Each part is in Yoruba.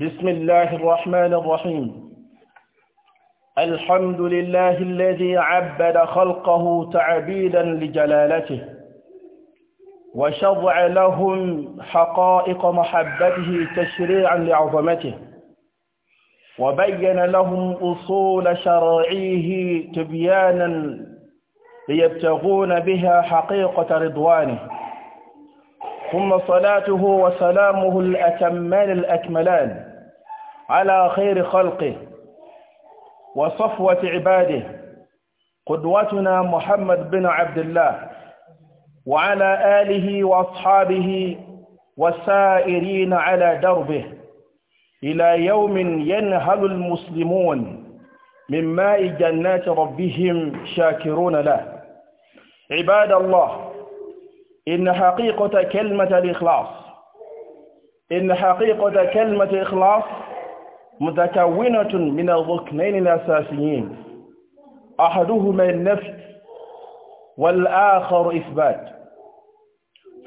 بسم الله الرحمن الرحيم الحمد لله الذي عبد خلقه تعبيدا لجلالته وشضع لهم حقائق محبته تشريعا لعظمته وبين لهم أصول شرعيه تبيانا ليبتغون بها حقيقة رضوانه ثم صلاته وسلامه الأتمان الأكملان على خير خلقه وصفوة عباده قدوتنا محمد بن عبد الله وعلى آله وأصحابه والسائرين على دربه إلى يوم ينهل المسلمون من ماء جنات ربهم شاكرون له عباد الله إن حقيقة كلمة الإخلاص إن حقيقة كلمة إخلاص متكونة من الركنين الأساسيين أحدهما النفي والآخر إثبات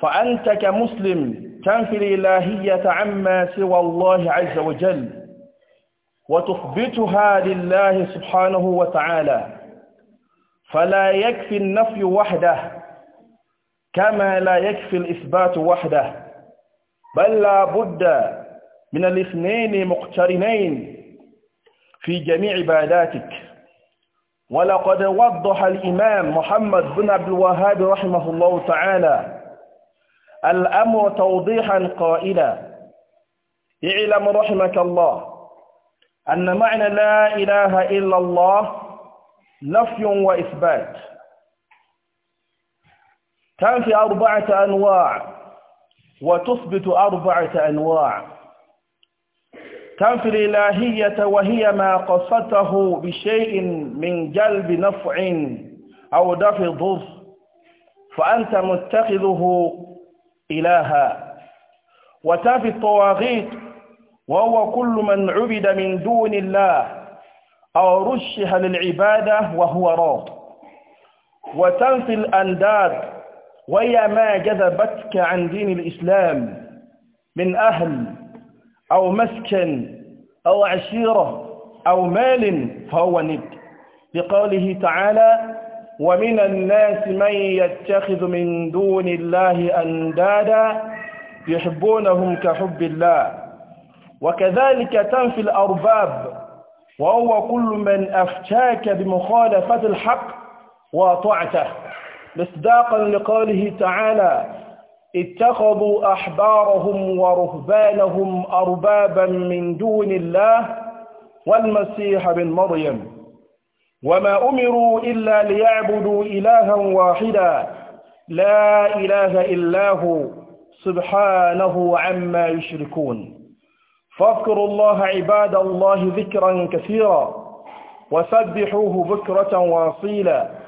فأنت كمسلم تنفي الإلهية عما سوى الله عز وجل وتثبتها لله سبحانه وتعالى فلا يكفي النفي وحده كما لا يكفي الإثبات وحده بل لا بد من الاثنين مقترنين في جميع عباداتك ولقد وضح الإمام محمد بن عبد الوهاب رحمه الله تعالى الأمر توضيحا قائلا اعلم رحمك الله أن معنى لا إله إلا الله نفي وإثبات تنفي أربعة أنواع وتثبت أربعة أنواع تنفي الإلهية وهي ما قصته بشيء من جلب نفع أو دفع ضر فأنت متخذه إلها وتنفي الطواغيت وهو كل من عبد من دون الله أو رشح للعبادة وهو راض وتنفي الأنداد وهي ما جذبتك عن دين الإسلام من أهل أو مسكن أو عشيرة أو مال فهو ند لقوله تعالى ومن الناس من يتخذ من دون الله أندادا يحبونهم كحب الله وكذلك تنفي الأرباب وهو كل من أفتاك بمخالفة الحق وطعته مصداقا لقوله تعالى اتخذوا أحبارهم ورهبانهم أربابا من دون الله والمسيح بن مريم وما أمروا إلا ليعبدوا إلها واحدا لا إله إلا هو سبحانه عما يشركون فاذكروا الله عباد الله ذكرا كثيرا وسبحوه بكرة واصيلا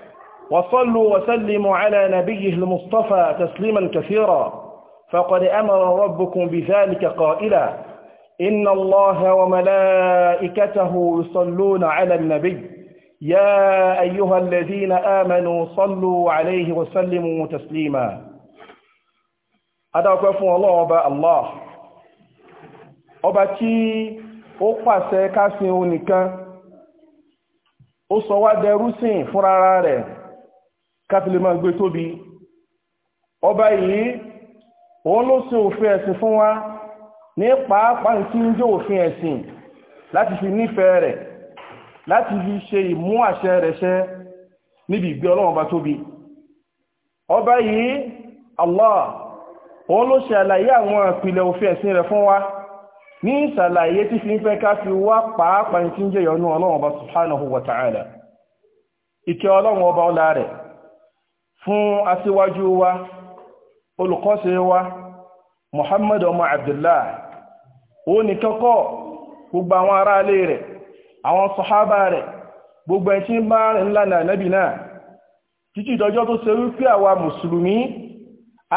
وصلوا وسلموا على نبيه المصطفى تسليما كثيرا فقد أمر ربكم بذلك قائلا إن الله وملائكته يصلون على النبي يا أيها الذين آمنوا صلوا عليه وسلموا تسليما هذا fún الله ọba الله. ọba tí ó pàṣẹ ká sìn òun nìkan ó káfílẹ̀ máa gbé tóbi ọba yìí òun ló ṣe òfin ẹ̀sìn fún wa ní pàápàá tí ń jẹ́ òfin ẹ̀sìn láti fi nífẹ̀ẹ́ rẹ̀ láti fi ṣe ìmú àṣẹ rẹ̀ṣẹ́ níbi ìgbé ọlọ́run ọba tóbi ọba yìí Allah òun ló ṣe àlàyé àwọn òfin ẹ̀sìn rẹ̀ fún wa ní ìsàlàyé tí fi ń fẹ́ ká fi wá pàápàá tí ń jẹ́ ọlọ́run ọba subhanahu wa ta'ala ọba ọlá rẹ̀ fún aṣíwájú wa olùkọ́ṣe wa Muhammad ọmọ Abdullah ó ní kọ́kọ́ gbogbo àwọn ará alé rẹ̀ àwọn sọ̀hábà rẹ̀ gbogbo ẹ̀ṣí bá rìn lánà nẹ́bì náà títí ìdọjọ́ tó ṣe wípé àwa mùsùlùmí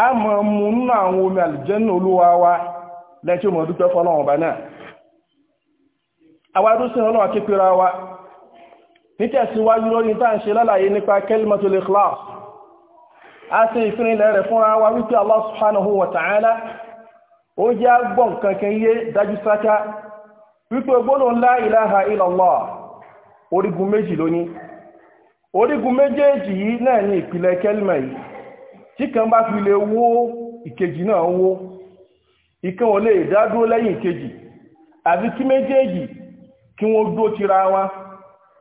a mọ̀ mú nínú àwọn omi àlìjẹ́nà olúwa wa lẹ́tí mọ̀ dúpẹ́ fọ́lọ́wọ̀n bá náà àwa tó ṣe ọlọ́wà kékeré wa nítẹ̀síwájú lórí tá à ń ṣe lálàyé nípa kẹ́límọ̀tò lè kíláàsì a ṣe ìfinilẹ̀ rẹ̀ fúnra wa wípé Allah subhanahu wa ta'ala ó jẹ́ agbọ́n kankan yé dájú sáká wípé gbólóhùn la ilaha illallah orígun méjì lónìí orígun méjèèjì yìí náà ní ìpìlẹ̀ kẹ́lìmà yìí tí kan bá fi lè wó ìkejì náà wó ìkan ò lè dádúró lẹ́yìn ìkejì àbí kí méjèèjì kí wọ́n tira wa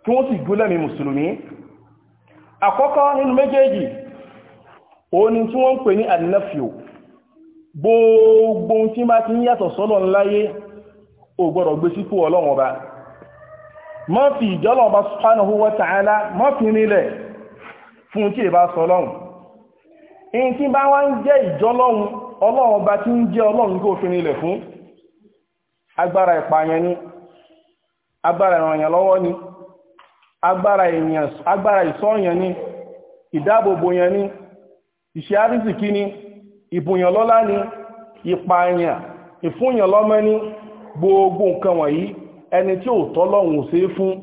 kí wọ́n sì gúnlẹ̀mí mùsùlùmí àkọ́kọ́ nínú méjèèjì òun tí wọ́n ń pè ní àdínáfíò gbogbo tí bá ti ń yàtọ̀ sọ́lọ̀ ńláyé ò gbọ́dọ̀ gbé sípò ọlọ́run ọba má fi ìjọ́lọ̀ ọba subhanahu wa ta'ala má fi nílẹ̀ fún tí ìbá sọlọ́run in tí bá wá ń jẹ́ ìjọ́lọ́run ọlọ́run ọba tí ń jẹ́ ọlọ́run kó fi nílẹ̀ fún agbára ìpààyàn ni agbára ìrànyàn lọ́wọ́ ni agbára ìsọ́yàn ni ìdáàbòbò yẹn ni iṣẹ àrísìkí ni ìbùyàn lọ́lá ni ìpààyàn ìfúnyàn ní gbogbo nǹkan wọ̀nyí ẹni tí tọ́lọ́hun ò fún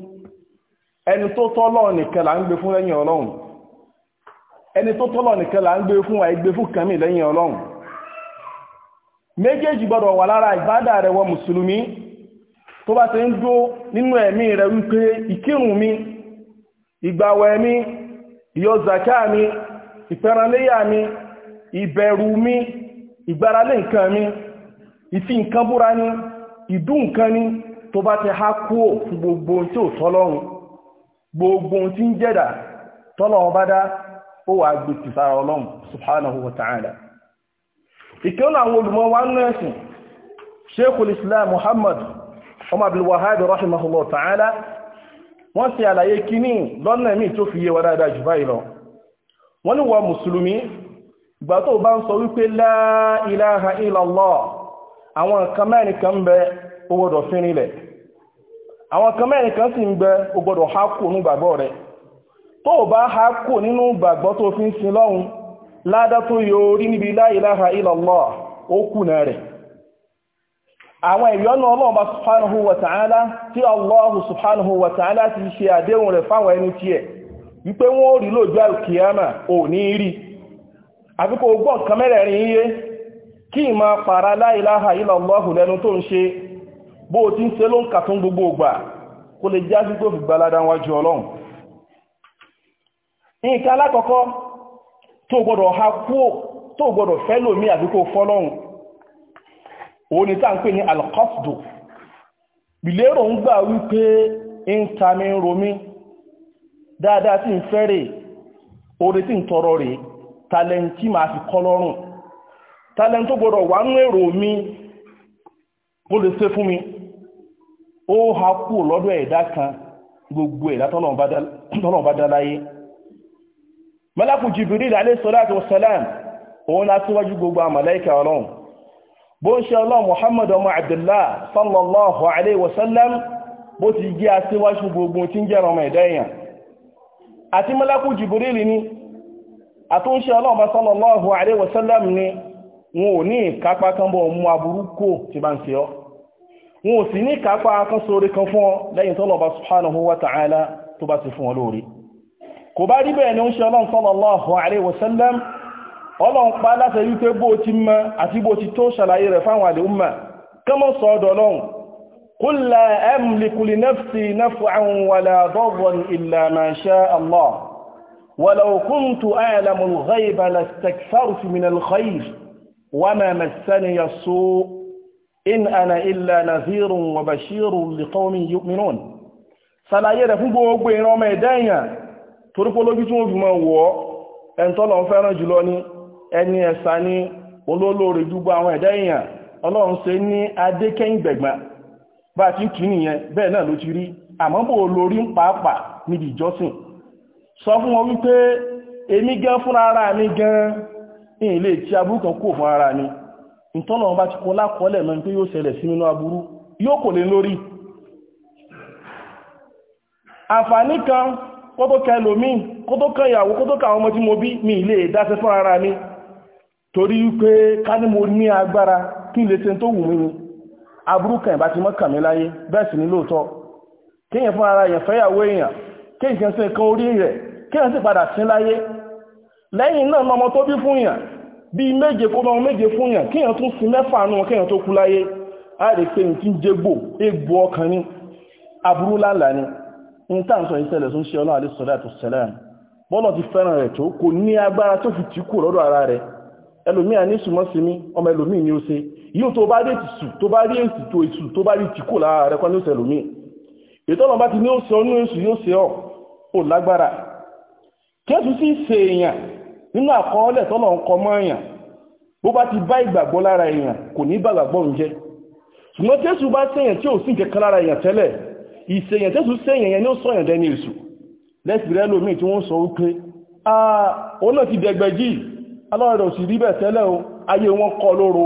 ẹni tó tọ́lọ́hun nìkan là ń gbé fún lẹ́yìn ẹni tó tọ́lọ́hun nìkan là ń gbé fún àìgbé fún kàmí lẹ́yìn méjèèjì gbọ́dọ̀ wà lára ìbádà rẹ̀ wọ mùsùlùmí tó bá ti ń dó nínú ẹ̀mí rẹ̀ wípé ìkírùn mi ìfẹ́ranléyà mi ìbẹ̀rù mi ìgbáralé nǹkan mi ìfi nǹkan búra ni ìdú nǹkan ni tó bá ti há kúò fún gbogbo tí ò tọ́lọ́run gbogbo tí ń jẹ́dà tọ́lọ́run bá dá ó wà gbètì sára ọlọ́run subhanahu wa ta'ala ìkẹ́lú àwọn olùmọ̀ wa ń rẹ̀sìn islam muhammad ọmọ abdulwahabi rahimahullah ta'ala wọ́n sì àlàyé kíní lọ́nà míì tó fi yé wa dáadáa jù báyìí lọ wọ́n ní wọ mùsùlùmí ìgbà tó bá ń sọ wípé la ilaha illallah àwọn nǹkan mẹ́rin kan bẹ ó gbọ́dọ̀ fi rinlẹ̀ àwọn nǹkan mẹ́rin kan sì ń bẹ ó gbọ́dọ̀ há kù gbàgbọ́ rẹ̀ tó bá há kù nínú gbàgbọ́ tó fi ń sin lọ́hun ládá tó níbi ó subhanahu wa ta'ala tí allahu subhanahu wa ta'ala ti ṣe àdéhùn rẹ̀ fáwọn ẹni wípé wọ́n rí lójú alkiyama ò ní rí àfikò gbọ́n nǹkan mẹ́rẹ̀ẹ̀rin iye kí ma para la ilaha lẹ́nu tó ń ṣe bó ti ń se ló ń gbogbo ògbà kó lè já sí fi gbalada wájú ọlọ́run ha abiko ìlérò ń gbà dáadáa tí ń fẹ́rẹ̀ oore tí ń tọrọ rẹ̀ tàlẹ́ntì máa fi kọ́ lọ́rùn tàlẹ́ntì tó gbọ́dọ̀ wà nú èrò mi ó lè ṣe fún mi ó ha kú lọ́dọ̀ ẹ̀dá kan gbogbo ẹ̀dá tọ́lọ̀n bá dáláyé mẹ́lákù Jibril alayhi salatu wassalam òun látúwájú gbogbo àmàlẹ́kà ọlọ́run bó ń ṣe ọlọ́run Muhammad sallallahu alayhi wasallam bó ti jẹ́ asíwájú gbogbo tí ń jẹ́ ọmọ ẹ̀dá àti mọ́lákù jìbìrìlì ni àtúnṣe ọlọ́ọ̀bá sallallahu alaihi wasallam ni wọn ò ní ìkápá kan bọ́ mú aburú kò tí bá ń ṣe ọ́ wọn ò sì ní ìkápá kan sóre kan fún ọ lẹ́yìn tọ́lọ̀bá subhanahu wa ta'ala tó bá ti fún ọ lórí kò bá rí bẹ́ẹ̀ ni ó ń ṣe ọlọ́run sallallahu alaihi wasallam ọlọ́run pa láti rí pé bó ti mọ àti قل لا أملك لنفسي نفعا ولا ضرا إلا ما شاء الله ولو كنت أعلم الغيب لاستكثرت من الخير وما مسني السوء إن أنا إلا نذير وبشير لقوم يؤمنون ṣàlàyé rẹ̀ fún gbogbo ìran ọmọ ẹ̀dá èèyàn torípò lójú tí wọ́n fi máa wọ́ ẹni tọ́lọ̀ ń fẹ́ràn jùlọ ní ẹni ẹ̀sà ní olólórí gbogbo àwọn ẹ̀dá èèyàn ọlọ́run ṣe ní adékẹ́yìn gbẹ̀gbà bá ti ń kì nìyẹn bẹ́ẹ̀ náà ló ti rí àmọ́ bò lórí ń pàápàá níbi ìjọsìn sọ fún wọn wípé èmi gan fúnra ara mi gan in ilé tí aburú kan kò fún ara mi ìtọ́nà wọn bá ti kọ́ lákọọ́lẹ̀ mọ́ pé yóò ṣẹlẹ̀ sí nínú aburú yóò kò lè lórí àǹfààní kan kó tó kẹ lòmíì kó tó kẹ ìyàwó kó tó kẹ àwọn ọmọ tí mo bí mi ilé ìdáṣẹ́ fún ara mi torí wípé ká ní mo ní agbára kí n lè ṣe tó wù mí ni aburúkàn ìbá ti mọ́ kàmí láyé bẹ́ẹ̀ sì ní lóòótọ́ kéèyàn fún ara èèyàn fẹ́yàwó èèyàn kéèyàn sí nǹkan orí rẹ̀ kéèyàn sì padà sí láyé lẹ́yìn náà ọmọ tó bí fún yàn bí méje kó mọ́ méje fún yàn kéèyàn tún sí mẹ́fà nù wọn kéèyàn tó kú láyé á rè pé ní tí ń jégbò égbò ọkàn ní aburú láńlá ni ní táǹsọ̀ ìṣẹ̀lẹ̀ tó ń ṣe ọlọ́run àdé sọ̀dá àti sẹ̀lẹ̀ bọ́lọ̀ ti fẹ́ràn rẹ̀ tó kò ní agbára tó fi tì kú lọ́dọ̀ ara rẹ̀ ẹlòmíà ní sùmọ́sí ní ọmọ ẹlòmíì ni ó ṣe yóò tó bá rí ètùtù tó bá rí ètùtù ètùtù tó bá rí tìkó lára rẹ̀ kọ́ ní òṣèlú mi ètò ọlọ́mọba ti ní ó ṣe ọ́nú èṣù yóò ṣe ọ́ ò lágbára kẹ́sù sì ṣe èèyàn nínú àkọọ́lẹ̀ tọ́lọ̀ ń kọ mọ́ èèyàn bó bá ti bá ìgbàgbọ́ lára èèyàn kò ní bàgbàgbọ́ ń jẹ́ ṣùgbọ́n kẹ́sù bá ṣèyàn tí ò sí nǹkan lára èèyàn tẹ́lẹ̀ ìṣèyàn kẹ́sù ṣèyàn yẹn ni ó sọ̀yàn dẹni èṣù lẹ́sìrẹ́ lómi tí wọ́n sọ wípé ah òun náà ti dẹgbẹ́ jì aláwọ̀dọ̀ sì rí bẹ́ẹ̀ tẹ́lẹ̀ o ayé wọn kọ lóró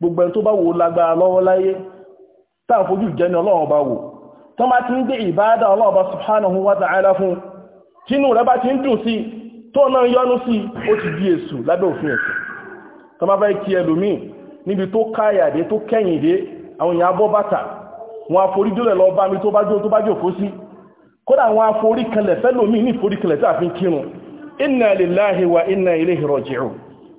gbogbo ẹni tó bá wo lágbára lọ́wọ́ láyé tá à fojú jẹ́ ni ọlọ́run bá wò tó bá ti ń gbé ìbáadà ọlọ́run bá subhanahu wa ta'ala fún tínú ti ń dùn sí tó náà yọnu sí ó di esu lábẹ́ òfin ẹ̀sìn tó bá fẹ́ kí ẹlòmíì níbi tó káyàdé tó kẹ́yìndé àwọn èèyàn abọ́ bàtà wọn aforí lọ bá mi tó bá jó tó bá sí kódà wọn aforí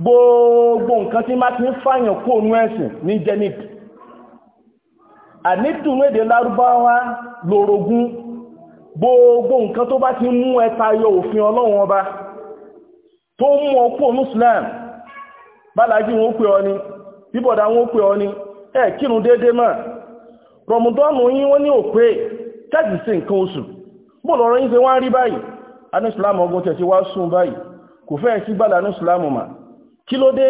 gbogbo nkan tí má ti ń fàyàn kú òun ẹ̀sìn ní jenip ànídùn èdè lárúbáwá gbogbo nkan tó bá ti mú ẹta tayọ òfin ọlọ́run ọba tó mú ọkú òun islam bálájí wọn pè ọ ni bíbọ̀dá wọn pè ọ ni ẹ kírun déédéé mà rọmùdọ́nù yín wọ́n ní kẹ́jì sí nǹkan oṣù bó lọ́rọ̀ ṣe kí ló dé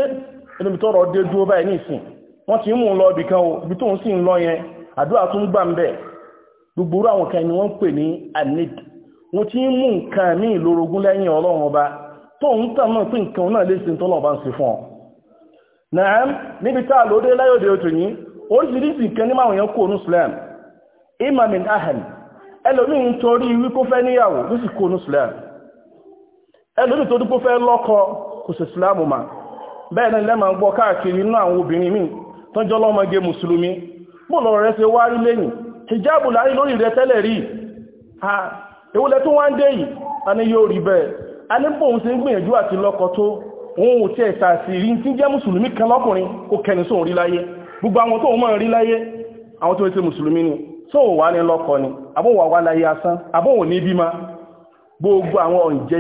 ẹnubí tọ́rọ dé dúró báyìí nísìn wọ́n ti mú lọ ibìkan o ibi ń sì ń lọ yẹn àdúrà tún gbà ń bẹ̀ gbogbo orú àwọn kan ni pè ní anid wọ́n ti ń mú nǹkan ní lẹ́yìn ọlọ́run ọba tàn náà pé nǹkan náà lè bá ń fún ọ níbi tá a dé òtò yìí oríṣiríṣi nǹkan imamin ahan ẹlòmíín torí fẹ́ níyàwó ló sì kó onú bẹ́ẹ̀ náà ma gbọ́ káàkiri inú àwọn obìnrin míì tó jọ lọ́mọge mùsùlùmí bó lọ́rọ̀ rẹ̀ ṣe wá lẹ́yìn hijabu lórí rẹ̀ tẹ́lẹ̀ rí ha ewúlẹ̀ tó wọ́n dé yìí a ní yóò rí bẹ́ẹ̀ a ní bóun ṣe ń gbìyànjú àti lọ́kọ tó òun ò tí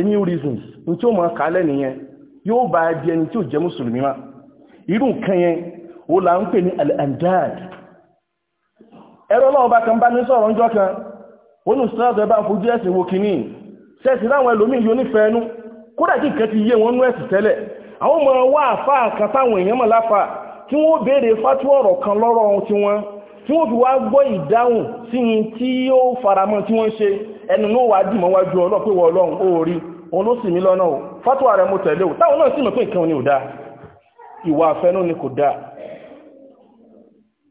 jẹ́ mùsùlùmí kò ní yóò bá di ẹni tí ó jẹ́ mùsùlùmí ma irú nǹkan yẹn ó là ń pè ní al-andad ẹ̀rọ náà bá kan bá ní sọ̀rọ̀ ọjọ́ kan ó ní sọ́ọ̀tọ̀ ẹbá ń fojú ẹ̀sìn wo kìíní sẹ́ẹ̀sì láwọn ẹlòmíì yóò nífẹ̀ẹ́ ẹnu kódà kí nǹkan ti yé wọn nú ẹ̀sìn tẹ́lẹ̀ àwọn ọmọ wa àfa kan táwọn èèyàn mọ̀ láfa tí wọ́n béèrè fátú ọ̀rọ̀ kan lọ́rọ̀ ohun tí wọ́n tí wọ́n fi wá gbọ́ ìdáhùn sí yín tí ó faramọ́ tí wọ́n ṣe ẹnu náà wá dìmọ́ òun ló lọ́nà o fátúwà rẹ̀ mo tẹ̀lé o táwọn náà sì mọ̀ pé nǹkan ni ò dáa ìwà àfẹ́nú ni kò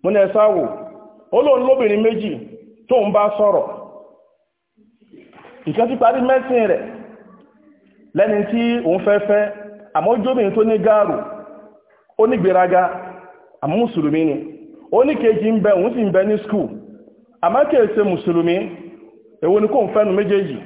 mo ní olóòrùn lóbìnrin méjì tó ń bá sọ̀rọ̀ ìkan ti parí mẹ́sìn rẹ̀ lẹ́ni tí òun fẹ́ fẹ́ tó ní gáàrù ó ní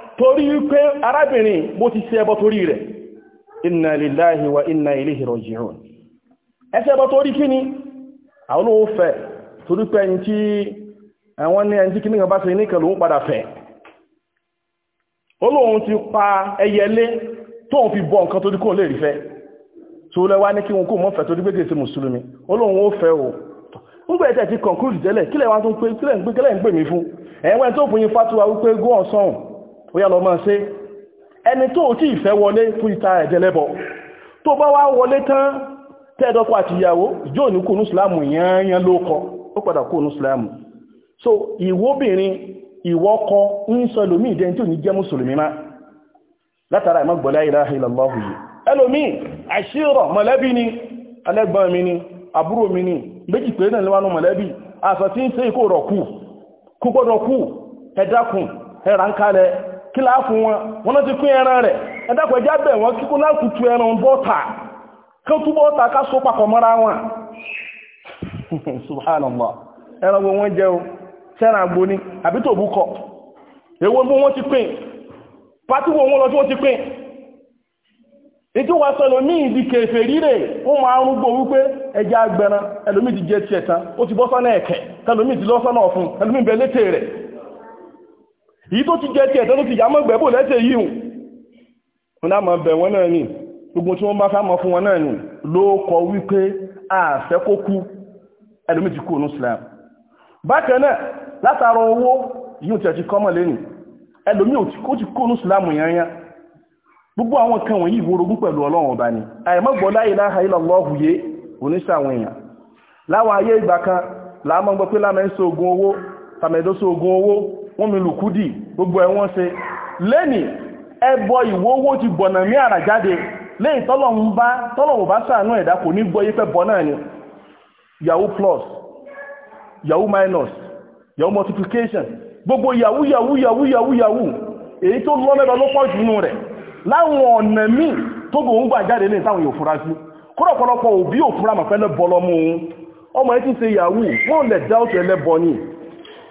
torí wípé arábìnrin bó ti ṣe ẹbọ torí rẹ̀ inna lillahi wa inna ilayhi raji'un ẹsẹ́ ẹbọ torí kí ni àwọn olóòfẹ́ torí pé ẹni tí àwọn ní ẹni tí kìnnìkan bá ṣe ní kẹlù ń padà fẹ́ olóòun ti pa ẹyẹlé tóun fi bọ nǹkan torí kóun lè rí fẹ́ tó lẹ́wà ní kí wọn kó mọ́fẹ́ torí pé kèsè mùsùlùmí olóòun ó fẹ́ o nígbà ẹ̀tẹ̀ ti conclude tẹ́lẹ̀ kílẹ̀ wá tún pé kílẹ̀ ń pè mí fún ẹ̀wọ̀n tó fún yín fatuwa wípé go on sọ́hùn bóyá lọ máa ṣe ẹni tó ò tí ìfẹ́ wọlé fún ìta ẹ̀jẹ̀lẹ́bọ̀ tó bá wá wọlé tán tẹ́ẹ̀dọ́kọ àti ìyàwó ìjọ ní kò ní yányán ló kọ ó padà kò ní so ìwóbìnrin ìwọ́kọ ń sọ lómí ìdẹni tí ò ní jẹ́ mùsùlùmí má látara ìmọ̀ gbọ́lá ilaha illallah yìí ẹlòmí àṣírọ̀ mọ̀lẹ́bí ni alẹ́gbọ́n ni àbúrò mi ni méjì pé náà lọ́wọ́nú mọ̀lẹ́bí àṣà tí kí láà fún wọn wọn náà ti pín ẹran rẹ̀ ẹ̀dàpọ̀ ẹjá bẹ̀ wọ́n kíkó láti tu ẹran bọ́ta kí ó tú bọ́ta ká so papọ̀ mọ́ra wọn subhanallah ẹran gbogbo wọn jẹ́ o sẹ́ran agbo ni àbí tó bú kọ èwo bí wọ́n ti pín pàtí wo wọn lọ tí wọ́n ti pín ètò wa sọ lómi ìdí kẹfẹ́ rírẹ̀ èyí tó ti jẹ́ tí ẹ̀tọ́ tó ti yàmọ́ gbẹ̀bò lẹ́sẹ̀ yìí wọn náà mọ̀ bẹ̀ wọn náà ni gbogbo tí wọ́n bá fámọ́ fún wọn náà ni ló kọ wípé àfẹ́ kó kú ẹlòmí ti kú onúsìlám bákan náà látara owó yíò tí ẹ ti kọ́mọ̀ lẹ́nu ẹlòmí ò ti kú onúsìlám yányá gbogbo àwọn kan wọ̀nyí ìwòrogún pẹ̀lú ọlọ́run ọba ni àìmọ́gbọ́ la ilaha illallah yé oníṣàwọn èèyàn láwọn ayé ìgbà kan láàmọ́ gbọ́ pé lámẹ́ ń so ogun owó tàmẹ́dó so ogun owó wọ́n mi lùkúdì gbogbo ẹ̀ se ṣe lẹ́nì ẹbọ ìwówó ti bọ̀nà mí àrà jáde lẹ́yìn tọ́lọ̀wò bá ṣàánú ẹ̀dá kò ní gbọ́ yípẹ́ bọ́ náà ni yahoo plus yahoo minus yahoo multiplication gbogbo yahoo yahoo yahoo yahoo yahoo èyí tó lọ́mẹ́dọ̀ ló pọ̀ jùnú rẹ̀ láwọn ọ̀nà míì tó gbà jáde lẹ́yìn táwọn yóò fura sí òbí bọ́ lọ́mú ọmọ ti ṣe yahoo wọ́n lẹ̀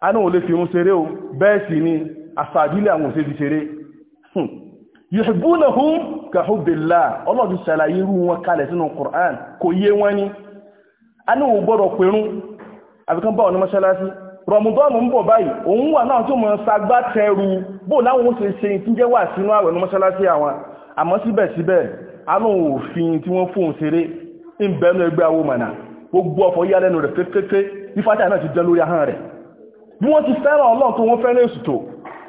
a náà lè fi irun ṣeré o bẹ́ẹ̀ sì ni àsàbílẹ̀ àwọn òṣèlú ṣeré hmm. yuhibbunahum kahubbillah ọlọ́dù ṣàlàyé irú wọn kalẹ̀ Qur'an kò yé wọn ni a ní òun gbọ́dọ̀ pẹ̀rún àfikán báwọn ní mọ́ṣáláṣí rọmùdọ́ọ̀nù ń bọ̀ báyìí òun wà náà tó mọ̀ ṣagbátẹrù bó láwọn ṣe ṣe tí jẹ́ wà sínú àwẹ̀ ní mọ́ṣáláṣí àwọn àmọ́ síbẹ̀síbẹ̀ anú òfin tí wọ́n fún ṣeré ń bẹ̀ẹ́nu ẹgbẹ́ awó mọ̀nà gbogbo ọ̀fọ̀ yálẹ́nu rẹ̀ fẹ́fẹ́fẹ́ ifájà náà ti jẹ́ lórí ahọ́n rẹ̀ bí wọ́n ti fẹ́ràn ọlọ́run tó wọ́n fẹ́ràn èṣù tó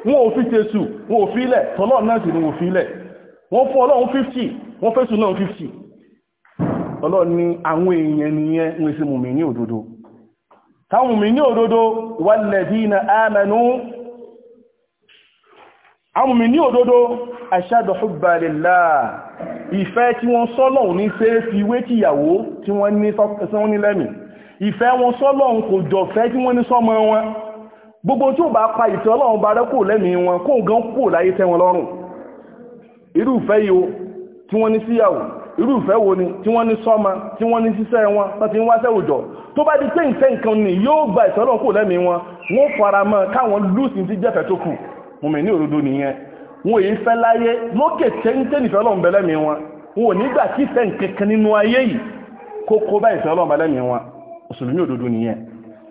wọ́n ò fi tẹ̀sù wọ́n ò fi ilẹ̀ tọ́lọ́run náà sì ni wọ́n fi ilẹ̀ wọ́n fún ọlọ́run 50 wọ́n fẹ́sù náà 50 ọlọ́run ni àwọn èèyàn nìyẹn ń ṣe mùmí ní òdodo táwọn mùmí ní òdodo walladhina amanu àwọn mùmí ní òdodo ashadu hubba lillah ìfẹ́ tí wọ́n sọ́lọ́run ní ṣe fi wé tìyàwó tí wọ́n ní lẹ́mìí ìfẹ́ wọn sọ́lọ́run kò jọ fẹ́ tí wọ́n ní sọ́mọ wọn gbogbo tí ó bá pa ìtẹ́ ọlọ́run bá rẹ́kò lẹ́mìí wọn kó gan kò láyé tẹ́ wọn lọ́rùn irúfẹ́ yìí tí wọ́n ní síyàwó irúfẹ́ wo ni tí wọ́n ní sọ́mà tí wọ́n ní síṣẹ́ wọn láti ń wáṣẹ́ òjò tó bá di pé ìtẹ́ nǹkan ni yóò gba ìtẹ́ ọlọ́run kò lẹ́mìí wọn wọ́n fara mọ́ káwọn lùsìn ti jẹ́fẹ́ tó kù mọ̀mí ní òdodo nìyẹn wọn èyí fẹ́ láyé lókè téńté nìfẹ́ ọlọ́run bẹ lẹ́mìí wọn wọn ò nígbà kí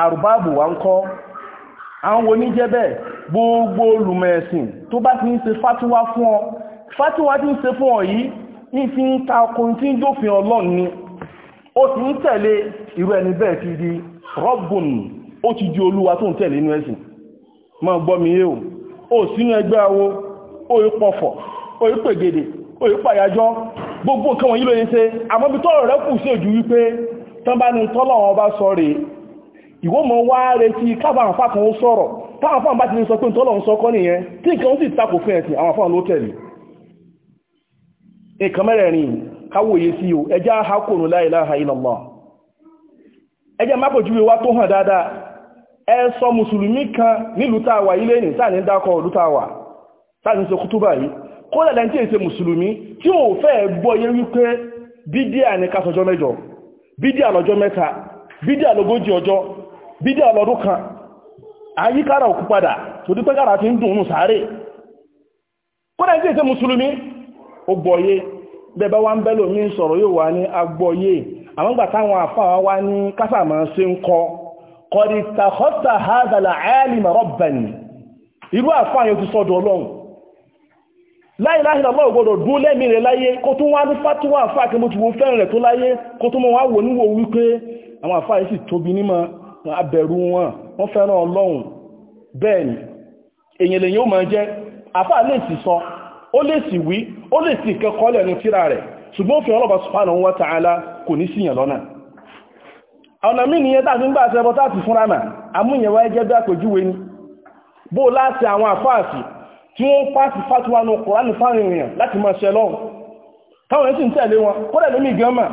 àrùbáàbù wa ń kọ́ àwọn wo ní jẹ́ bẹ́ẹ̀ gbogbo olùmẹ̀ẹ̀sìn tó bá ti ń ṣe fátíwá fún ọ fátíwá tí ń ṣe fún ọ yìí ní fi ń ta okun tí ń dófin ọlọ́run ni ó ti ń tẹ̀lé irú ẹni bẹ́ẹ̀ ti di rọ́bùn ó ti ju olúwa tó ń tẹ̀lé inú ẹ̀sìn máa gbọ́ mi yé o ó sínú ẹgbẹ́ awo ó yí pọ̀fọ̀ ó yí pègèdè ó yí pàyájọ́ gbogbo nǹkan wọ̀nyí ló yẹ ṣe àmọ́ bí tọ́rọ̀ rẹ̀ kù sí òjú wípé tán bá ní tọ́lọ̀ wọn bá sọ rèé ìwọ mọ̀ wá retí káfà àǹfà kan ó sọ̀rọ̀ táwọn afọ́ àǹbá ti ní sọ pé tọ́lọ̀ ń sọ kọ́ nìyẹn tí nǹkan ó sì takò fún ẹ̀sìn àwọn afọ́ ló tẹ̀lé nǹkan mẹ́rẹ̀ẹ̀rin káwòye sí o ẹjá hakùnù la ilaha illallah ẹjá mápòjúwe wá tó hàn dáadáa ẹ sọ mùsùlùmí kan nílùú táwà ilé ní sáà ní dákọ̀ ìlú táwà sáà ní sọ kútúbà yìí kó lẹ́lẹ́ tí èsè mùsùlùmí tí ò fẹ́ gbọ́ yé wípé bídíà ní kásọjọ́ mẹ́jọ bídíà lọ́jọ́ mẹ́ta bídíà lógójì ọjọ́ bídí ọlọ́dún kan àyíkára òkú padà tó dípẹ́ kára ti ń dùn ún sáré kódà ìdí ìsẹ́ musulumi ó gbọ́yé bẹ́bẹ́ wá ń bẹ́lò sọ̀rọ̀ yóò wá ní agbọ́yé àwọn táwọn àfáà wá ní kásàmọ́ sí ń kọ́ kọ̀dì dún lẹ́mí láyé kó tún wá ní mo ti wo rẹ̀ tó láyé kó tún mọ́ wá wò níwò wípé àwọn àfáà yìí sì tóbi abẹ̀rù wọn wọ́n fẹ́ràn ọlọ́run bẹ́ẹ̀ ni èyàn lèyàn ó máa jẹ́ àfà lè sì sọ ó lè sì wí ó lè sì kẹ́kọ́ lẹ́nu tíra rẹ̀ ṣùgbọ́n òfin ọlọ́ba subhanahu wa ta'ala kò ní síyàn lọ́nà ọ̀nà mí nìyẹn tàbí ń gbà ṣẹbọ táàtì fúnra mà amúyẹ̀wá ẹjẹ́ bí àpèjúwe ni bó láti àwọn àfáàsì tí wọ́n pàṣì fàtíwà ní kòránì fárin èèyàn láti máa ṣẹ lọ́run táwọn èsì ń tẹ̀lé wọn kódẹ̀ lómi gan mà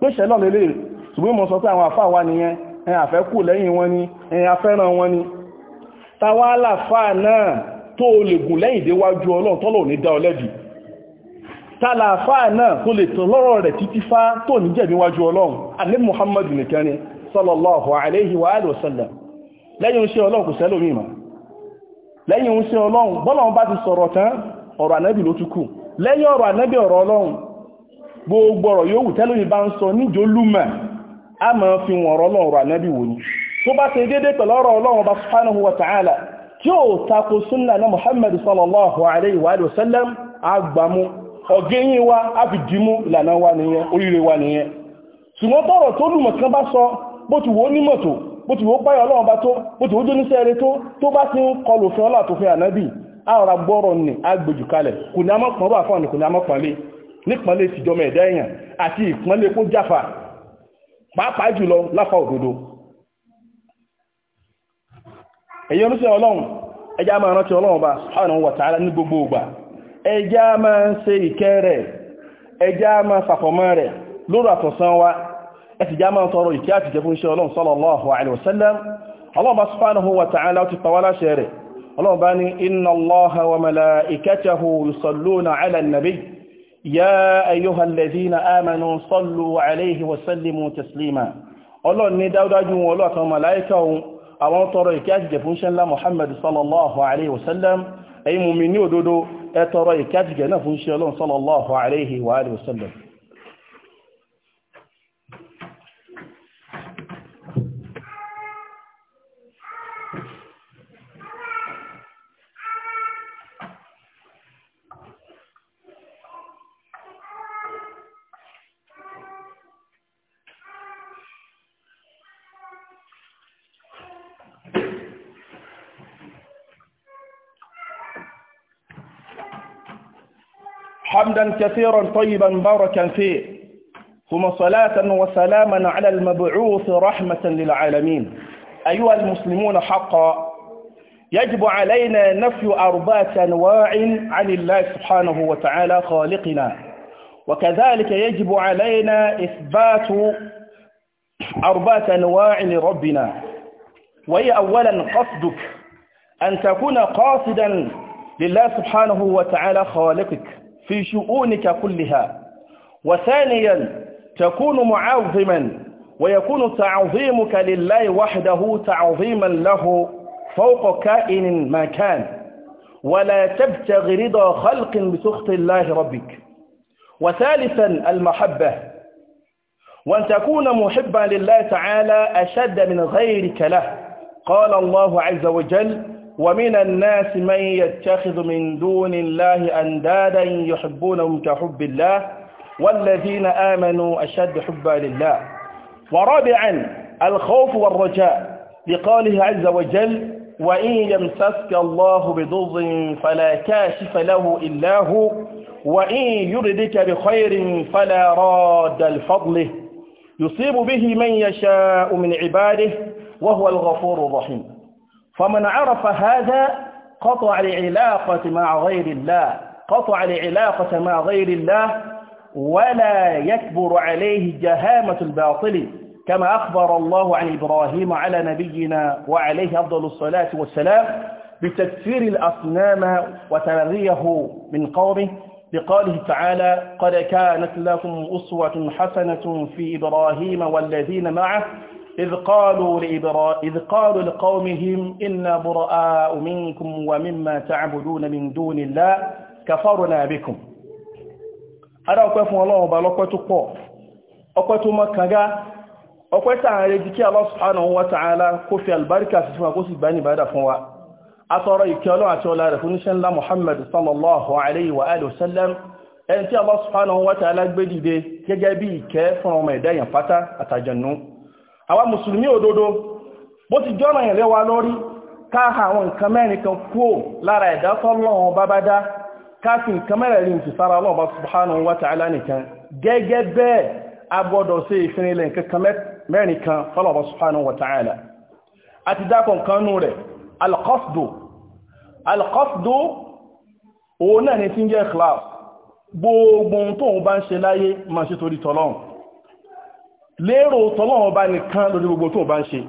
pé ṣẹlọ́ lélẹ̀ ṣùgbọ́n mo sọ pé àwọn àfáà wà nìyẹn àfẹ́kù lẹ́yìn wọn ni ẹ̀yìn afẹ́ràn wọn ni tàwa àlàfà náà tó lè gùn lẹ́yìn déwájú ọlọ́run tọ́lọ̀ ní dá ọlẹ́bì tàlàfà náà tó lè tàn lọ́rọ̀ rẹ̀ títí fá tó ní jẹ̀bi wájú ọlọ́run alẹ́ muhammadu nìkan ni sallallahu alaihi wa alihi wasallam lẹ́yìn iṣẹ́ ọlọ́run kò sẹ́lòmí mọ́ lẹ́yìn iṣẹ́ ọlọ́run bọ́lọ́run bá ti sọ̀rọ̀ tán ọ̀rọ̀ ànábì ló tún kù lẹ́yìn ọ̀rọ̀ ànábì ọ̀rọ̀ ọlọ́run gbogbo ọ̀rọ̀ yòówù tẹ́lómi bá ń sọ níjó lúmọ̀ a máa fi wọn ọ̀rọ̀ ọlọ́run rà nábì wò ni tó bá ṣe déédéé pẹ̀lú ọ̀rọ̀ ọlọ́run bá subhanahu wa ta'ala tí ó tako súnnà na muhammad sallallahu alaihi wa sallam agbamu ọ̀gẹ́yìn wa a fi dìmú ìlànà wa nìyẹn oríire wa nìyẹn ṣùgbọ́n tọ́rọ̀ tó lùmọ̀ kan bá sọ bó ti wò pàápàá jùlọ láfa òdodo èyí olúṣẹ́ ọlọ́run ẹjá máa rántí ọlọ́run bá subhanahu wa ta'ala ní gbogbo ìgbà ẹjá máa ń ṣe ìkẹ́ rẹ̀ ẹjá máa sàfọ̀mọ́ rẹ̀ lórí àtọ̀sán wa ẹsì já máa tọrọ ìkẹ́ àti jẹ fún iṣẹ́ ọlọ́run sallallahu يا أيها الذين آمنوا صلوا عليه وسلموا تسليما Ọlọ́run ní dáúdájú wọn ọlọ́kan màláíkà ohun àwọn tọrọ ìkẹ́ àti jẹ fún ṣẹ́lá Muhammad sallallahu alaihi wasallam ẹ̀yin mùmínì òdodo ẹ tọrọ ìkẹ́ àti jẹ náà fún ṣẹ́lá sallallahu alaihi wasallam حمدا كثيرا طيبا باركا فيه ثم صلاة وسلاما على المبعوث رحمة للعالمين أيها المسلمون حقا يجب علينا نفي أربعة أنواع عن الله سبحانه وتعالى خالقنا وكذلك يجب علينا إثبات أربعة أنواع لربنا وهي أولا قصدك أن تكون قاصدا لله سبحانه وتعالى خالقك في شؤونك كلها وثانيا تكون معظما ويكون تعظيمك لله وحده تعظيما له فوق كائن ما كان ولا تبتغي رضا خلق بسخط الله ربك وثالثا المحبة وأن تكون محبا لله تعالى أشد من غيرك له قال الله عز وجل ومن الناس من يتخذ من دون الله أندادا يحبونهم كحب الله والذين آمنوا أشد حبا لله ورابعا الخوف والرجاء لقوله عز وجل وإن يمسسك الله بضر فلا كاشف له إلا هو وإن يردك بخير فلا راد لفضله يصيب به من يشاء من عباده وهو الغفور الرحيم فمن عرف هذا قطع العلاقة مع غير الله قطع العلاقة مع غير الله ولا يكبر عليه جهامة الباطل كما أخبر الله عن إبراهيم على نبينا وعليه أفضل الصلاة والسلام بتكفير الأصنام وتبريه من قومه بقوله تعالى قد كانت لكم أسوة حسنة في إبراهيم والذين معه إذ قالوا لإبراء إذ قالوا لقومهم إن براء منكم ومما تعبدون من دون الله كفرنا بكم أنا أرى أقف الله بالقوة قوة أقوة مكجا أقوة على ذكى الله سبحانه وتعالى كف البركة في ما قص بني بعد فوا أترى يكلوا أتولى رفنشن لا محمد صلى الله عليه وآله وسلم أنت الله سبحانه وتعالى بديدي كجبي كفرنا ما يدين فتا أتجنون àwa mùsùlùmí òdodo bó ti jọ́nà ẹ̀rẹ́ wa lórí ká àwọn nǹkan mẹ́rin kan kúò lára ẹ̀dá fọ́lọ́run bá bá dá ká fi nǹkan mẹ́rin rí ti sára Ọlọ́run bá subhanahu wa ta'ala nìkan gẹ́gẹ́ bẹ́ẹ̀ a gbọ́dọ̀ sí ìfinilẹ̀ nǹkan mẹ́rin kan fọ́lọ́run bá subhanahu wa ta'ala àti lérò tọ́lọ́wọ́ bá nìkan lórí gbogbo tó bá ń ṣe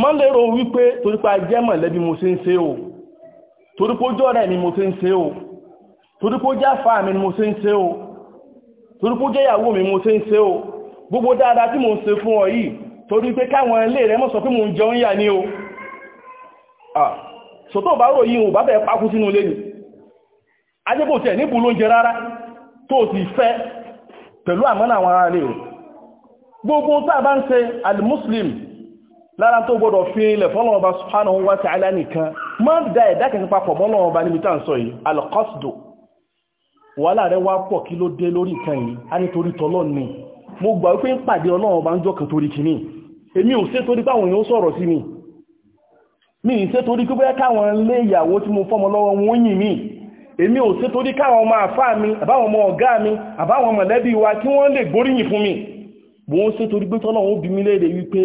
mọ́ lérò wípé torípa jẹ́mọ̀ lẹ́bí mo ṣe ń ṣe o torípójú ọ̀rẹ́ mi mo ṣe ń ṣe o torípójú àfà mi mo ṣe ń ṣe o torípójú ìyàwó mi mo ṣe ń ṣe o gbogbo dáadáa tí mo ṣe fún ọ yìí torí pé káwọn ilé rẹ mọ̀ sọ pé mo ń jẹun yà ní o sọ́tọ̀ bá rò yí o bá bẹ̀ pákú sínú ilé ni ajẹ́kò tẹ̀ níbù ló ń jẹ rárá tó ti fẹ́ pẹ̀lú àmọ́nà àwọn ará rẹ̀ gbogbo tá a bá ń ṣe alimuslim lára tó gbọdọ̀ fi ilẹ̀ fọ́lọ́wọ́ bá subhanahu wa ta'ala nìkan má da ẹ̀dá kẹsàn papọ̀ mọ́lọ́wọ́ bá níbi tá à ń sọ yìí alqasdu wàhálà rẹ̀ wá pọ̀ kí ló dé lórí nǹkan yìí ni mo gbà wípé ń pàdé ọlọ́run bá ń èmi ò sí mi mi ì ṣe torí pé káwọn lé ìyàwó tí mo fọ́mọ lọ́wọ́ ọmọ àfáà mi àbáwọn ọmọ ọ̀gá mi àbáwọn mọ̀lẹ́bí wa kí wọ́n lè gbóríyìn fún mi mo ń ṣe torí pé tọ́lọ́ òun bí mi léde wípé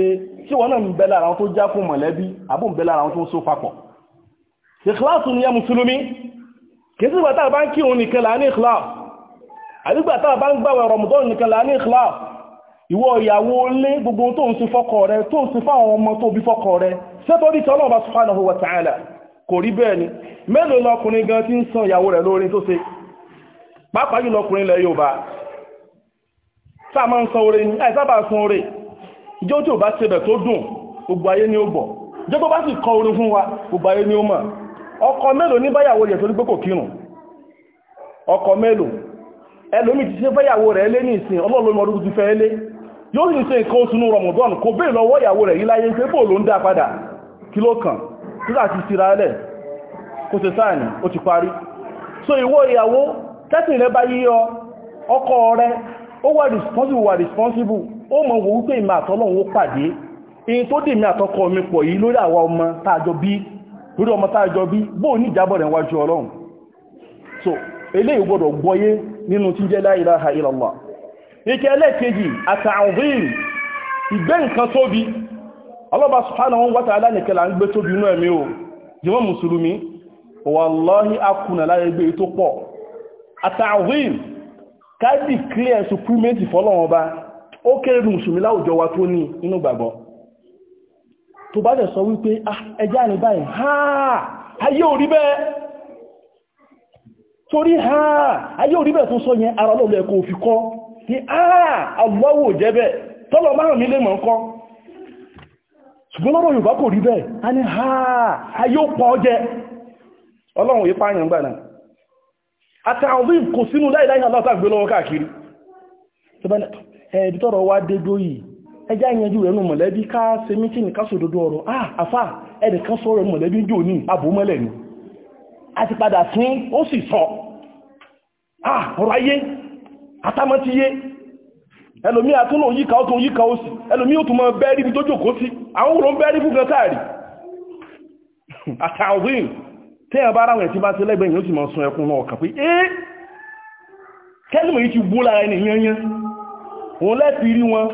tí wọ́n náà ń bẹ lára àwọn tó já fún mọ̀lẹ́bí àbò ń bẹ lára àwọn tó ń so papọ̀ ìkìláàsù ni ẹ mùsùlùmí kìí sígbà tá a bá ń kírun nìkan là ní ìkìláàsù àdígbà tá a bá ń gbàwẹ̀ rọ̀mùdọ́n nìkan là ní ìkìláàsù ìwọ ìyàwó lé gbogbo tó ń ṣe fọ́kọ rẹ tó ń ṣe fáwọn ọmọ tó bí fọ́kọ rẹ sẹ́tọ́rí tí ọlọ́ọ̀bá subhanahu wa ta'ala kò rí bẹ́ẹ̀ ni mélòó lọkùnrin gan ti ń san sáà máa ń san oore ni àì sábà sun oore ìjọ tí ò bá ṣe bẹ̀ tó dùn gbogbo ayé ni ó bọ̀ ìjọ tó bá sì kọ orin fún wa gbogbo ayé ni ó mọ̀ ọkọ mélòó ní báyàwó rẹ̀ torí pé kò kírun ọkọ mélòó ẹlòmí ti ṣe fẹ́yàwó rẹ̀ lé ní ìsìn ọlọ́lọ́mọ ọdún ti fẹ́ lé yóò sì ṣe nǹkan oṣù rọmọdọ́nù kò bèèrè lọ́wọ́ ìyàwó rẹ̀ yí láyé pé bóò ló ń ó wà responsible wà responsible ó mọ̀ wò wípé ìmọ̀ àtọ́lọ́run ó pàdé èyí tó dèmi àtọkọ omi pọ̀ yìí lórí awa ọmọ tààjọ bí lórí ọmọ tààjọ bí bóò ní ìjábọ̀ rẹ̀ wájú ọlọ́run so eléyìí gbọ́dọ̀ gbọ́yé nínú ilaha wallahi láyé gbé tó pọ̀ ká declare supremacy fọ́lọ́wọ́n bá ó kéré ní mùsùlùmí láwùjọ wa tó ní inú gbàgbọ́ tó bá jẹ́ sọ wípé ah, ẹjá ní báyìí háà ayé ò bẹ́ẹ̀ torí háà ayé ò bẹ́ẹ̀ tó sọ yẹn ara lọ́lọ́ ẹ̀kọ́ fi kọ́ ní háà àwọ́wò jẹ́ bẹ́ẹ̀ tọ́lọ a àtàwọn kò sínú láìláì aláta gbé lọ́wọ́ káàkiri tó bá ẹ̀bí tọ́rọ wá dédó yìí ẹjá ìyẹnjú rẹ̀ nù mọ̀lẹ́bí ká ṣe mítìnì ká sòdodo ọ̀rọ̀ ah àfà ẹnìkan sọ̀rọ̀ mọ̀lẹ́bí jò ní abòmọ́lẹ̀ ni a ti padà fún ó sì sọ ah ọ̀rọ̀ ayé atámọ́tíyé ẹlòmí àtúnlò yíká ó tún yíká ó sì ẹlòmí ó tún mọ bẹ́ẹ̀rí ní tó jòkó sí àwọn òrò ń bẹ́ẹ̀rí fún gan táàrí àtàwọn tẹ́yàn bá ráwẹ̀ tí bá sí lẹ́gbẹ̀ẹ́ yóò sì máa sun ẹkùn náà kàn pé ẹ́ eh! kẹ́lùmọ̀ yìí ti gbó lára ẹni yanyan òun lẹ́ti rí wọn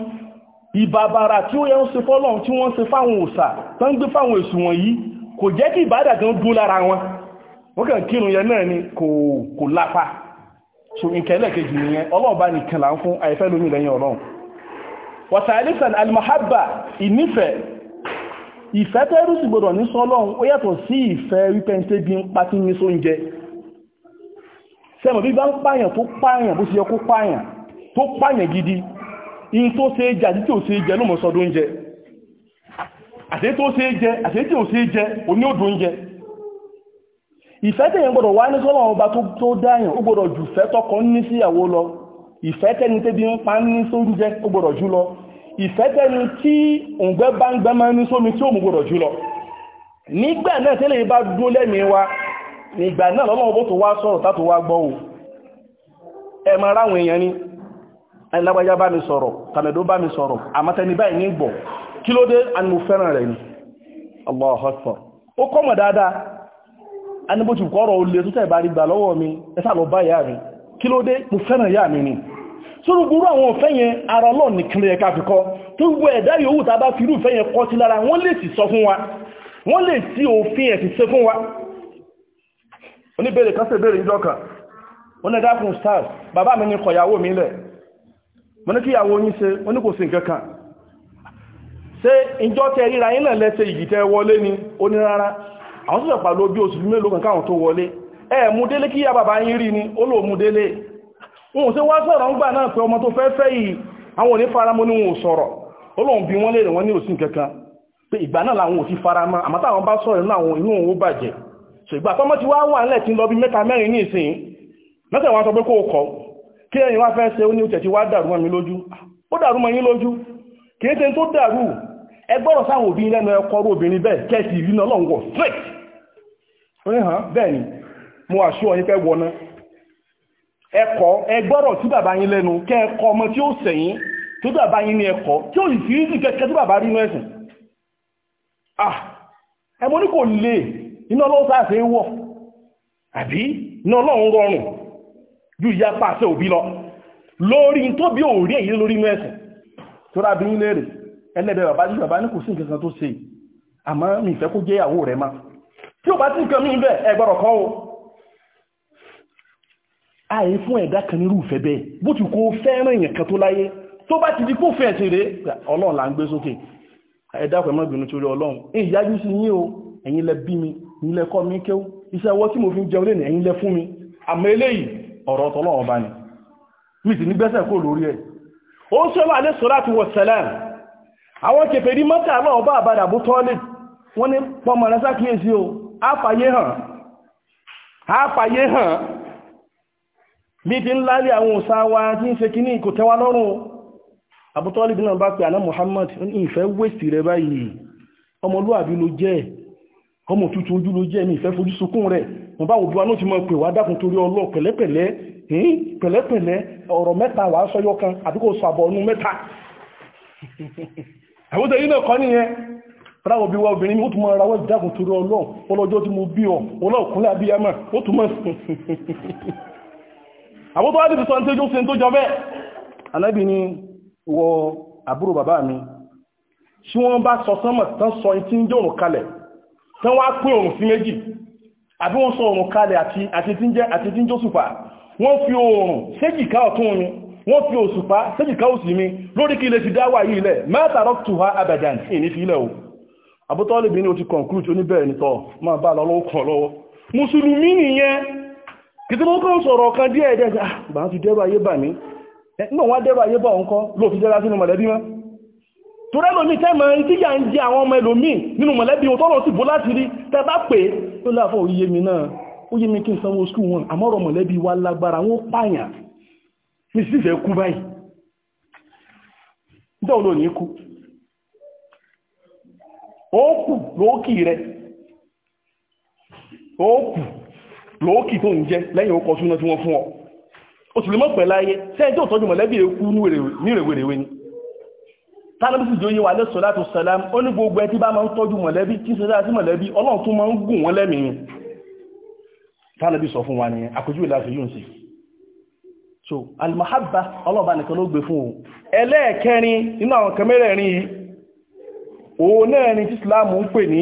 ìbàbàrà tí ó yẹ ń ṣe fọ́lọ́run tí wọ́n ṣe fáwọn òòṣà tó ń gbé fáwọn èṣù wọ̀nyí kò jẹ́ kí ìbádà gan dún lára wọn wọ́n kàn kírun yẹn náà ni kò lápa so ìkẹ́lẹ̀ kejì nìyẹn ọlọ́ọ̀bá nìkan là ń fún àìfẹ́ lómi lẹ́yìn ọlọ́run wàtàlẹ́sàn almahabba ìnífẹ̀ẹ́ ìfẹ́ tẹ́rù sì gbọdọ̀ ní sọ́lọ́run ó yàtọ̀ sí ìfẹ́ wípẹ́ ń tẹ́bí ń pa tí ní sóúnjẹ sẹ́mọ̀ bí bá ń pààyàn tó pààyàn bó ṣe yẹ kó pààyàn tó pààyàn gidi in tó ṣe jẹ àti tí ò ṣe jẹ ló mọ̀ sọdún jẹ àti tó ṣe jẹ àti tí ò ṣe jẹ oní òdún jẹ ìfẹ́ tẹ̀yàn gbọdọ̀ wá ní sọ́lọ́run ọba tó dáyàn ó gbọdọ̀ jù fẹ́ tọkọ ní síyàwó lọ ìfẹ́ tẹ́ni tẹ́bí ń pa ní sóúnjẹ ó gbọdọ̀ jù lọ ìfẹ́tẹ́ni tí òǹgbẹ́ bá ń gbẹ́ máa ní sómi tí ó mú gbọ́dọ̀ jùlọ nígbà náà tẹ́lẹ̀ bá dún lẹ́mí wa nígbà náà lọ́lọ́wọ́ bó tó wá sọ̀rọ̀ tátó wá gbọ́ o ẹ máa ráwọn èèyàn ni ẹlágbájá bá mi sọ̀rọ̀ ni mo fẹ́ràn rẹ̀ ni Allahu Akbar ó kọ́mọ̀ dáadáa a ní bó mi ẹ sá lọ bá ìyá mi kí sórí gbúrú àwọn òfẹ́ yẹn ara lọ nìkan lè ká fi kọ́ tó gbogbo ẹ̀dá yòówù tá bá firú ìfẹ́ yẹn kọ́ sí lára wọ́n lè sì sọ fún wa wọ́n lè sí òfin ẹ̀sìn se, fún wa oníbèrè kan sì bèrè ìjọ kan wọ́n stars bàbá mi ní kọ̀yàwó mi lẹ̀ ni ó ní rárá àwọn sọ̀rọ̀ pàlọ́ bí oṣù mélòó kan káwọn tó wọlé ẹ̀ ni ó lò wọn ò wa wá sọ̀rọ̀ ń gbà náà pé ọmọ tó fẹ́ fẹ́ yìí àwọn òní faramọ́ ní wọn ò sọ̀rọ̀ olóhùn bí wọ́n lè rìn wọ́n ní òsìn kankan pé ìgbà náà làwọn ò ti faramọ́ àmọ́ táwọn bá sọ̀rọ̀ inú àwọn inú òun ó bàjẹ́ ṣùgbà tọ́mọ́ ti wá wà nílẹ̀ tí lọ bí mẹ́ta mẹ́rin ní kọ mọ́ ẹ̀kọ́ ẹgbọ́rọ̀ tí bàbá yín lẹ́nu kẹ́ ẹ̀kọ́ ọmọ tí ó sẹ̀yìn tó bàbá yín ní ẹ̀kọ́ tí ó sì fi rí kẹ́kẹ́ tí bàbá rí inú ah ẹmọ́ ní kò lè iná ọlọ́run sáàfẹ́ wọ̀ àbí iná ọlọ́run rọrùn ju ìyá pàṣẹ òbí lọ lórí tó bí òrí èyí lórí inú ẹ̀sìn tó rábí ń lérè ẹlẹ́bẹ̀ bàbá tí bàbá ní kò sí nǹkan tó ṣe àmọ́ mi ìfẹ́ kó jẹ́ ìyàwó rẹ̀ ma tí ò bá tí nǹkan mi bẹ́ẹ̀ ẹgbọ́rọ̀ kan o àyè fún ẹ̀dá kan nírú ìfẹ́ bẹ́ẹ̀ bó ti kó fẹ́ràn èèyàn kan tó láyé tó bá ti di kó fẹ́ ẹ̀sìn rẹ̀ ọlọ́run là ń gbé sókè ẹ̀dá pẹ̀mọ́ ìbínú torí ọlọ́run èyí yájú sí yín o ẹ̀yin lẹ bí mi ẹ̀yin lẹ kọ́ mi kéwú iṣẹ́ ọwọ́ tí mo fi ń jẹun lẹ́nu ẹ̀yin lẹ fún mi àmọ́ eléyìí ọ̀rọ̀ tọ́lọ́run ọba ni mi sì ní gbẹ́sẹ̀ kó lórí ẹ̀ ó ń sọ́lá alẹ́ sọ́lá ti wọ sẹ́lẹ̀m àwọn kẹfẹ́ rí mọ́tà ọlọ́run bá àbádà bó tọ́lẹ̀ wọ́n ní pọmọ rẹ o àfàyé hàn bí ti ń lálé àwọn òsá wa tí ń ṣe kíní kò tẹ́wà lọ́rùn àbútọ́lìbí náà bá pè àná Muhammad ìfẹ́ wèsì rẹ̀ báyìí ọmọlúwàbí ló jẹ́ ọmọ tuntun ojú ló jẹ́ ní ìfẹ́ fojú sunkún rẹ̀ mo bá òbí wa náà ti mọ pè wá dákun torí ọlọ́ pẹ̀lẹ́pẹ̀lẹ́ pẹ̀lẹ́pẹ̀lẹ́ ọ̀rọ̀ mẹ́ta wà á sọyọ kan àbí kò sọ àbọ̀ ọ̀nù mẹ́ta àbúté yìí náà kọ́ nìyẹn àbútọ́ wájú ti sọ tí ó jùsìn tó jọ bẹ́ẹ̀ anábì ni wọ àbúrò bàbá mi tí wọ́n bá sọ sánmọ̀ tán sọ tí ń jẹ́ òrùn kalẹ̀ tán wá pín òrùn sí méjì àbí wọ́n sọ òrùn kalẹ̀ àti tí ń jẹ́ àti tí ń jósùpá wọ́n fi òrùn séjìká ọ̀tún mi wọ́n fi òṣùpá séjìká òsì mi lórí kí ilẹ̀ ti dáwà yìí lẹ̀ mẹ́ta rọ́kùtùwá abadan ìní fi ilẹ̀ o àbútọ́lẹ̀bí ni o ti conclude oníbẹ̀rẹ̀ nìtọ̀ máa bá lọ́wọ́ kàn lọ́wọ́ mùsùlùmí nìyẹn kìtí mọ́ kọ́ sọ̀rọ̀ kan díẹ̀ ẹ̀dẹ́ ṣe ah, àbá ti dẹ́rọ ayé bà mí nígbà wọ́n dẹ́rọ ayé bà ọ̀nkọ́ ló fi jẹ́lá sínú mọ̀lẹ́bí wọn tó rẹ́ lómi tẹ́mọ̀ tí yà ń jẹ àwọn ọmọ ẹlòmí nínú mọ̀lẹ́bí wọn tọ́lọ̀ sí bó láti rí tẹ́ bá pé tó láàfọ́ òye mi náà ó yé mi kí n sanwó skul wọn àmọ́rọ̀ mọ̀lẹ́bí wa lágbára wọn pààyàn ní sífẹ́ kú báyìí nígbà wo ló ní kú ó kù lókì rẹ̀ ó lòókì tó ń jẹ́ lẹ́yìn ó kọ súná tí wọ́n fún ọ oṣù lè mọ́ pẹ̀lú ayé sẹ́ẹ̀jọ́ ìtọ́jú mọ̀lẹ́bí eku ní rèwerèwe ni tálọ́bí sì jóyìn wà lẹ́sọ̀ láti sàlám ó ní gbogbo ẹtí bá máa ń tọ́jú mọ̀lẹ́bí tí sọ láti mọ̀lẹ́bí ọlọ́run tún máa ń gùn wọ́n lẹ́mìí tálọ́bí sọ fún wa nìyẹn àpèjúwe láti yóò sí so almahabba ọlọ́ọ̀bá nìkan ló gbé fún o ẹlẹ́ẹ̀kẹrin nínú àwọn kẹmẹ́rẹ̀ẹ́rin yìí òun náà ni tí Islam ń pè ní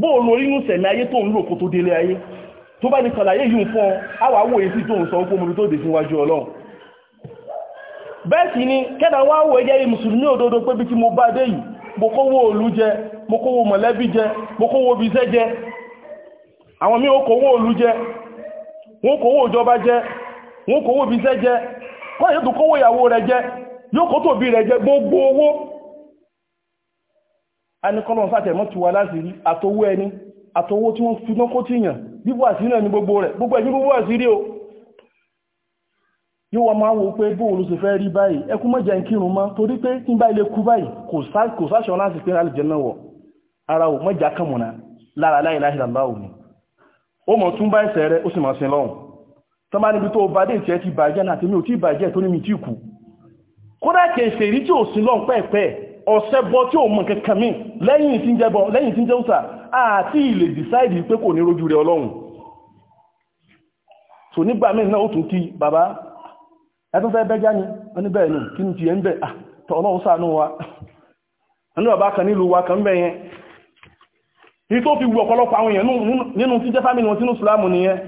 bóòlù orínú sẹ̀mí ayé tó ń lò kó tó délé ayé tó bá ní sàlàyé yìí ń fún àwà wòye sí tó ń sọ fún omi tó dé síwájú ọlọ́run bẹ́ẹ̀ sì ni kẹ́dà wá wòye jẹ́ mùsùlùmí òdodo mo bá dé yìí mo kówó òlú jẹ mo kówó mọ̀lẹ́bí jẹ mo kówó a ní kọ́lọ̀ sàtẹ̀mọ́tù wa láti rí àtọwó ẹni àtọwó tí wọ́n fún kó tí yàn bíbú àsírí ẹni gbogbo rẹ̀ gbogbo ẹni gbogbo àsírí o yíò wọ́n máa wo pé bóòlù sì fẹ́ rí báyìí ẹkún mọ́ jẹ́ kírun mọ́ torí pé tí bá ilé kú báyìí kò sáṣọ ara ò mọ́jà kàmùnà lára la ilaha illallah ni ó mọ̀ tún bá ẹsẹ̀ rẹ̀ ó sì máa sin lọ́hùn tó bá níbi tó bá ọ̀sẹ́bọ tí ò mọ̀ kankan mi lẹ́yìn tí ń jẹbọ lẹ́yìn tí ń jẹ́ òsà àti ilẹ̀ dìsáìdì pé kò ní rójú rẹ ọlọ́run so nígbà mí náà ó tún kí bàbá ẹtún fẹ́ bẹ́já ni wọ́n ní bẹ́ẹ̀ nù kí ní ti ẹ̀ ń bẹ̀ ah, tọ́ ọlọ́run ṣàánú wa ẹni bàbá kan nílùú wa kan bẹ̀ yẹn ní tó fi wù ọ̀pọ̀lọpọ̀ àwọn èèyàn nínú tí jẹ́ fámìlì wọn sínú ìsìláàmù nìyẹn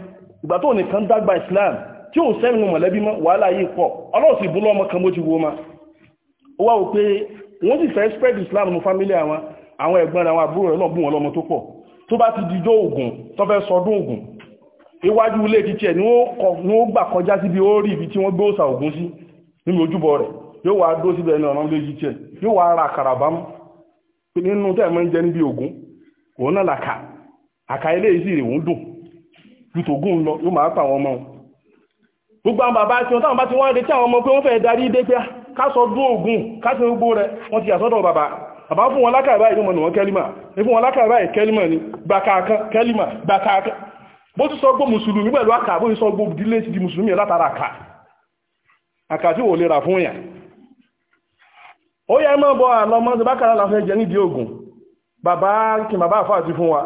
ìgbà tó nìkan dàgbà ìsìláàmù tí ò sẹ́nu mọ̀lẹ́bí mọ́ wàhálà yìí pọ̀ ọlọ́run sì bú ó wá wò pé wọ́n sì fẹ́ spread islam ní family àwọn àwọn ẹ̀gbọ́n rẹ̀ àwọn àbúrò rẹ̀ náà bù wọn lọ́mọ tó pọ̀ tó bá ti dijó ògùn tó fẹ́ sọdún ògùn iwájú ilé títí ẹ̀ ni ó gbà kọjá síbi ó rí ibi tí wọ́n gbé òsà ògùn sí nínú ojúbọ rẹ̀ yóò wá dó síbẹ̀ ní ọ̀nà ilé títí ẹ̀ yóò wá ra àkàrà bámú nínú tẹ́ mọ́ ń jẹ níbi ògùn òun náà làkà àkà ilé yìí sì rè wọ́n dùn ju tògùn lọ yóò máa pa àwọn ọmọ wọn gbogbo àwọn bàbá tí wọn táwọn bá ti wọn retí àwọn ọmọ pé wọn fẹ́ẹ́ darí dé pé ah, kásọ dú ògùn kásọ gbogbo rẹ̀ wọ́n ti yàsọ́dọ̀ bàbá bàbá fún wọn lákàrà ìlú mọ̀nà wọn kẹ́límà fún wọn lákàrà ìkẹ́límà ní gbàkàkan kẹ́límà gbàkàkan bó ti sọ gbó di mùsùlùmí látara àkà àkà tí wò lè rà fún yàn ó yẹ mọ́ bọ́ àlọ́ mọ́ bákàrà láfẹ́ jẹ nídìí ògùn bàbá kí bàbá àfáà ti fún wa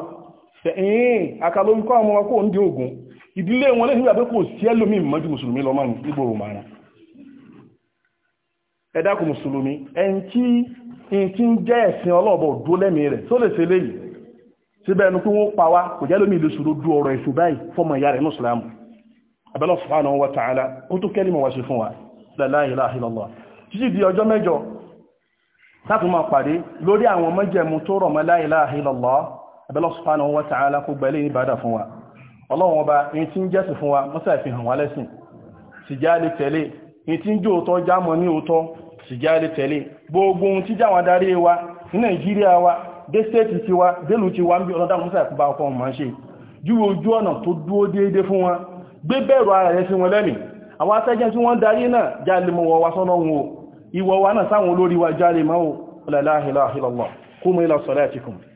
ṣẹ̀yìn àkà lórúkọ ìdílé wọn lè nígbà pé kò sí ẹlòmíì mọ́jú mùsùlùmí lọ́mọ́ nígbòrò márùn-ún ẹ dákun mùsùlùmí ẹni tí ìtí ń jẹ́ ẹ̀sìn ọlọ́ọ̀bọ̀ dúó lẹ́mìí rẹ̀ tó lè ṣe léyìí síbẹ̀ ẹnu pé wọ́n pa wá kò jẹ́ lómi ìlú dú ọ̀rọ̀ èṣù báyìí fọmọ ìyá rẹ̀ ní ìsìlámù abẹ́lọ́ subhanahu wa sí fún wa la ilaha illallah títí di ọjọ́ mẹ́jọ láti máa pàdé lórí àwọn la ilaha illallah abẹ́lọ́ subhanahu wa ta'ala kó gbẹ́lẹ́ ìbádà fún wa ọlọ́run ọba ní tí ń jẹ́sì fún wa mọ́sà ìfihàn wa lẹ́sìn já lè tẹ̀lé ní tí ń jó òótọ́ já mọ́ ní òótọ́ sìjáde tẹ̀lé gbogbo ohun tíjà wọn darí wa ní nàìjíríà wa dé stéètì tiwa délù tiwa ń bí ọlọ́dà musa ìkúbá ọkọ̀ wọn máa ń ṣe júwe ojú ọ̀nà tó dúró déédéé fún wọn gbé bẹ̀rù ara rẹ̀ sí wọn lẹ́mìí àwọn atẹ́jẹ́ tí wọ́n darí náà jáde mọ́ wa sọ́nà wọn o ìwọ̀ wa náà sáwọn olórí wa jáde mọ́ o la ilaha illallah qumu ila salatikum